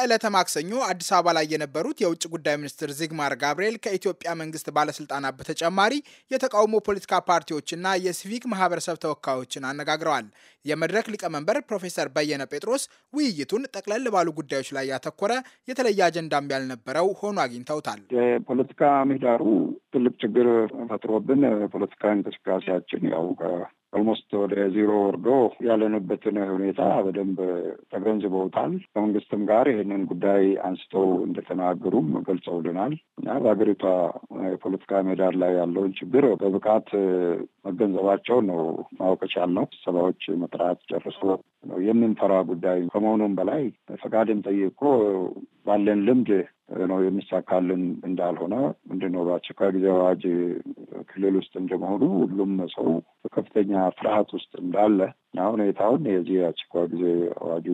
በዕለተ ማክሰኞ አዲስ አበባ ላይ የነበሩት የውጭ ጉዳይ ሚኒስትር ዚግማር ጋብርኤል ከኢትዮጵያ መንግስት ባለስልጣናት በተጨማሪ የተቃውሞ ፖለቲካ ፓርቲዎችና የሲቪክ ማህበረሰብ ተወካዮችን አነጋግረዋል። የመድረክ ሊቀመንበር ፕሮፌሰር በየነ ጴጥሮስ ውይይቱን ጠቅለል ባሉ ጉዳዮች ላይ ያተኮረ የተለየ አጀንዳም ያልነበረው ሆኖ አግኝተውታል። የፖለቲካ ምህዳሩ ትልቅ ችግር ፈጥሮብን ፖለቲካ እንቅስቃሴያችን ያው ኦልሞስት ወደ ዜሮ ወርዶ ያለንበትን ሁኔታ በደንብ ተገንዝበውታል። ከመንግስትም ጋር ይህንን ጉዳይ አንስተው እንደተናገሩም ገልጸውልናል እና በሀገሪቷ የፖለቲካ ሜዳር ላይ ያለውን ችግር በብቃት መገንዘባቸው ነው ማወቅ የቻልነው። ስብሰባዎች መጥራት ጨርሶ የምንፈራ ጉዳይ ከመሆኑም በላይ ፈቃድን ጠይቆ ባለን ልምድ ነው የሚሳካልን እንዳልሆነ ምንድነው በአስቸኳይ ጊዜ አዋጅ ክልል ውስጥ እንደመሆኑ ሁሉም ሰው በከፍተኛ ፍርሃት ውስጥ እንዳለ እና ሁኔታውን የዚህ የአስቸኳይ ጊዜ አዋጁ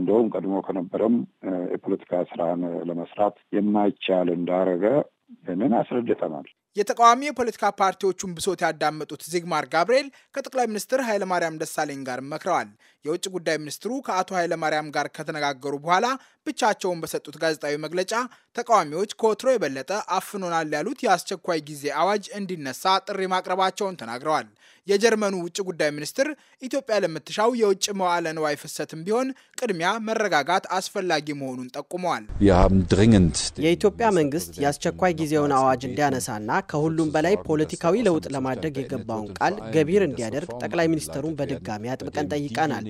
እንደውም ቀድሞ ከነበረም የፖለቲካ ስራን ለመስራት የማይቻል እንዳረገ ይህንን አስረድተናል። የተቃዋሚ የፖለቲካ ፓርቲዎቹን ብሶት ያዳመጡት ዚግማር ጋብርኤል ከጠቅላይ ሚኒስትር ኃይለማርያም ደሳለኝ ጋር መክረዋል። የውጭ ጉዳይ ሚኒስትሩ ከአቶ ኃይለማርያም ጋር ከተነጋገሩ በኋላ ብቻቸውን በሰጡት ጋዜጣዊ መግለጫ ተቃዋሚዎች ከወትሮ የበለጠ አፍኖናል ያሉት የአስቸኳይ ጊዜ አዋጅ እንዲነሳ ጥሪ ማቅረባቸውን ተናግረዋል። የጀርመኑ ውጭ ጉዳይ ሚኒስትር ኢትዮጵያ ለምትሻው የውጭ መዋለ ንዋይ ፍሰትም ቢሆን ቅድሚያ መረጋጋት አስፈላጊ መሆኑን ጠቁመዋል። የኢትዮጵያ መንግስት የአስቸኳይ ጊዜውን አዋጅ እንዲያነሳና ከሁሉም በላይ ፖለቲካዊ ለውጥ ለማድረግ የገባውን ቃል ገቢር እንዲያደርግ ጠቅላይ ሚኒስትሩን በድጋሚ አጥብቀን ጠይቀናል።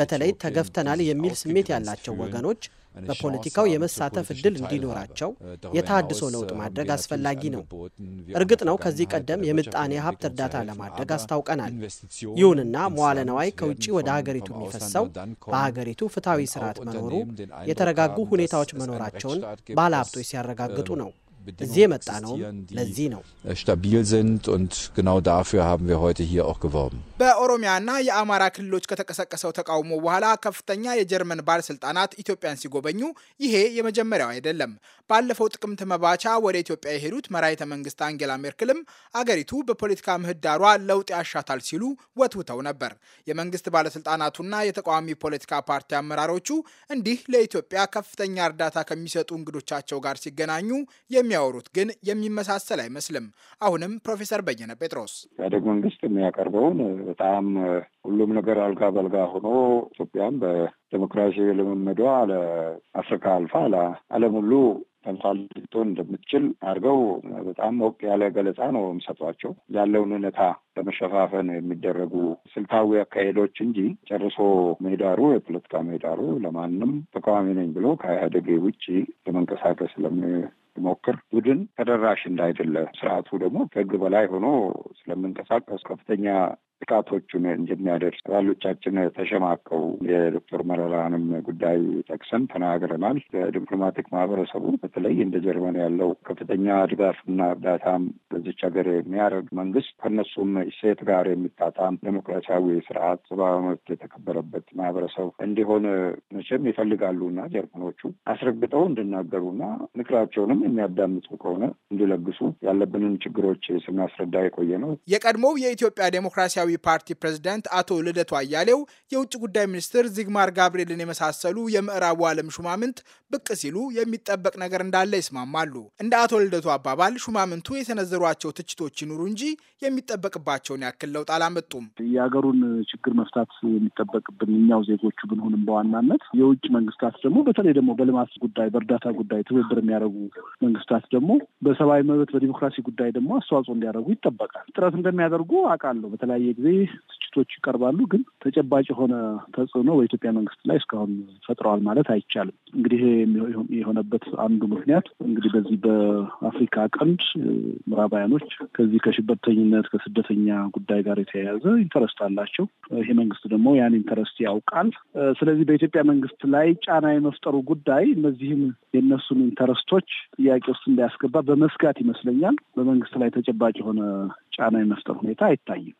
በተለይ ተገፍተናል የሚል ስሜት ያላቸው ወገኖች በፖለቲካው የመሳተፍ እድል እንዲኖራቸው የታድሶ ለውጥ ማድረግ አስፈላጊ ነው። እርግጥ ነው ከዚህ ቀደም የምጣኔ ሀብት እርዳታ ለማድረግ አስታውቀናል። ይሁንና መዋለ ነዋይ ከውጭ ወደ ሀገሪቱ የሚፈሰው በሀገሪቱ ፍትሐዊ ስርዓት መኖሩ፣ የተረጋጉ ሁኔታዎች መኖራቸውን ባለሀብቶች ሲያረጋግጡ ነው። እዚህ የመጣ ለዚህ ነው። በኦሮሚያና የአማራ ክልሎች ከተቀሰቀሰው ተቃውሞ በኋላ ከፍተኛ የጀርመን ባለስልጣናት ኢትዮጵያን ሲጎበኙ ይሄ የመጀመሪያው አይደለም። ባለፈው ጥቅምት መባቻ ወደ ኢትዮጵያ የሄዱት መራሒተ መንግስት አንጌላ ሜርክልም አገሪቱ በፖለቲካ ምህዳሯ ለውጥ ያሻታል ሲሉ ወትውተው ነበር። የመንግስት ባለስልጣናቱና የተቃዋሚ ፖለቲካ ፓርቲ አመራሮቹ እንዲህ ለኢትዮጵያ ከፍተኛ እርዳታ ከሚሰጡ እንግዶቻቸው ጋር ሲገናኙ የሚ የሚያወሩት ግን የሚመሳሰል አይመስልም። አሁንም ፕሮፌሰር በየነ ጴጥሮስ ኢህአዴግ መንግስት የሚያቀርበውን በጣም ሁሉም ነገር አልጋ በልጋ ሆኖ ኢትዮጵያም በዲሞክራሲ ልምምዷ ለአፍሪካ አልፋ ለዓለም ሁሉ ተንፋልቶ እንደምትችል አድርገው በጣም ሞቅ ያለ ገለጻ ነው የሚሰጧቸው። ያለውን እውነታ ለመሸፋፈን የሚደረጉ ስልታዊ አካሄዶች እንጂ ጨርሶ ምህዳሩ የፖለቲካ ምህዳሩ ለማንም ተቃዋሚ ነኝ ብሎ ከኢህአዴግ ውጭ ለመንቀሳቀስ ለሚ ሲሞክር ቡድን ተደራሽ እንዳይደለ ስርዓቱ ደግሞ ከህግ በላይ ሆኖ ስለምንቀሳቀስ ከፍተኛ ጥቃቶቹን እንደሚያደርስ ባሎቻችን ተሸማቀው የዶክተር መረራንም ጉዳይ ጠቅሰን ተናግረናል። ዲፕሎማቲክ ማህበረሰቡ በተለይ እንደ ጀርመን ያለው ከፍተኛ ድጋፍና እርዳታም በዚች ሀገር የሚያደርግ መንግስት ከነሱም ሴት ጋር የሚጣጣም ዴሞክራሲያዊ ስርዓት ሰብአዊ መብት የተከበረበት ማህበረሰብ እንዲሆን መቼም ይፈልጋሉና ጀርመኖቹ አስረግጠው እንድናገሩና ምክራቸውንም የሚያዳምጡ ከሆነ እንዲለግሱ ያለብንን ችግሮች ስናስረዳ የቆየ ነው። የቀድሞው የኢትዮጵያ ዴሞክራሲያዊ ሰማያዊ ፓርቲ ፕሬዝዳንት አቶ ልደቱ አያሌው የውጭ ጉዳይ ሚኒስትር ዚግማር ጋብርኤልን የመሳሰሉ የምዕራቡ ዓለም ሹማምንት ብቅ ሲሉ የሚጠበቅ ነገር እንዳለ ይስማማሉ። እንደ አቶ ልደቱ አባባል ሹማምንቱ የሰነዘሯቸው ትችቶች ይኑሩ እንጂ የሚጠበቅባቸውን ያክል ለውጥ አላመጡም። የሀገሩን ችግር መፍታት የሚጠበቅብን እኛው ዜጎቹ ብንሆንም በዋናነት የውጭ መንግስታት ደግሞ በተለይ ደግሞ በልማት ጉዳይ፣ በእርዳታ ጉዳይ ትብብር የሚያደርጉ መንግስታት ደግሞ በሰብአዊ መብት፣ በዲሞክራሲ ጉዳይ ደግሞ አስተዋጽኦ እንዲያደርጉ ይጠበቃል። ጥረት እንደሚያደርጉ አውቃለሁ። በተለያየ ጊዜ ትችቶች ይቀርባሉ። ግን ተጨባጭ የሆነ ተጽዕኖ በኢትዮጵያ መንግስት ላይ እስካሁን ፈጥረዋል ማለት አይቻልም። እንግዲህ የሆነበት አንዱ ምክንያት እንግዲህ በዚህ በአፍሪካ ቀንድ ምዕራባውያኖች ከዚህ ከሽብርተኝነት ከስደተኛ ጉዳይ ጋር የተያያዘ ኢንተረስት አላቸው። ይሄ መንግስት ደግሞ ያን ኢንተረስት ያውቃል። ስለዚህ በኢትዮጵያ መንግስት ላይ ጫና የመፍጠሩ ጉዳይ እነዚህም የእነሱን ኢንተረስቶች ጥያቄ ውስጥ እንዳያስገባ በመስጋት ይመስለኛል በመንግስት ላይ ተጨባጭ የሆነ ጫና የመፍጠር ሁኔታ አይታይም።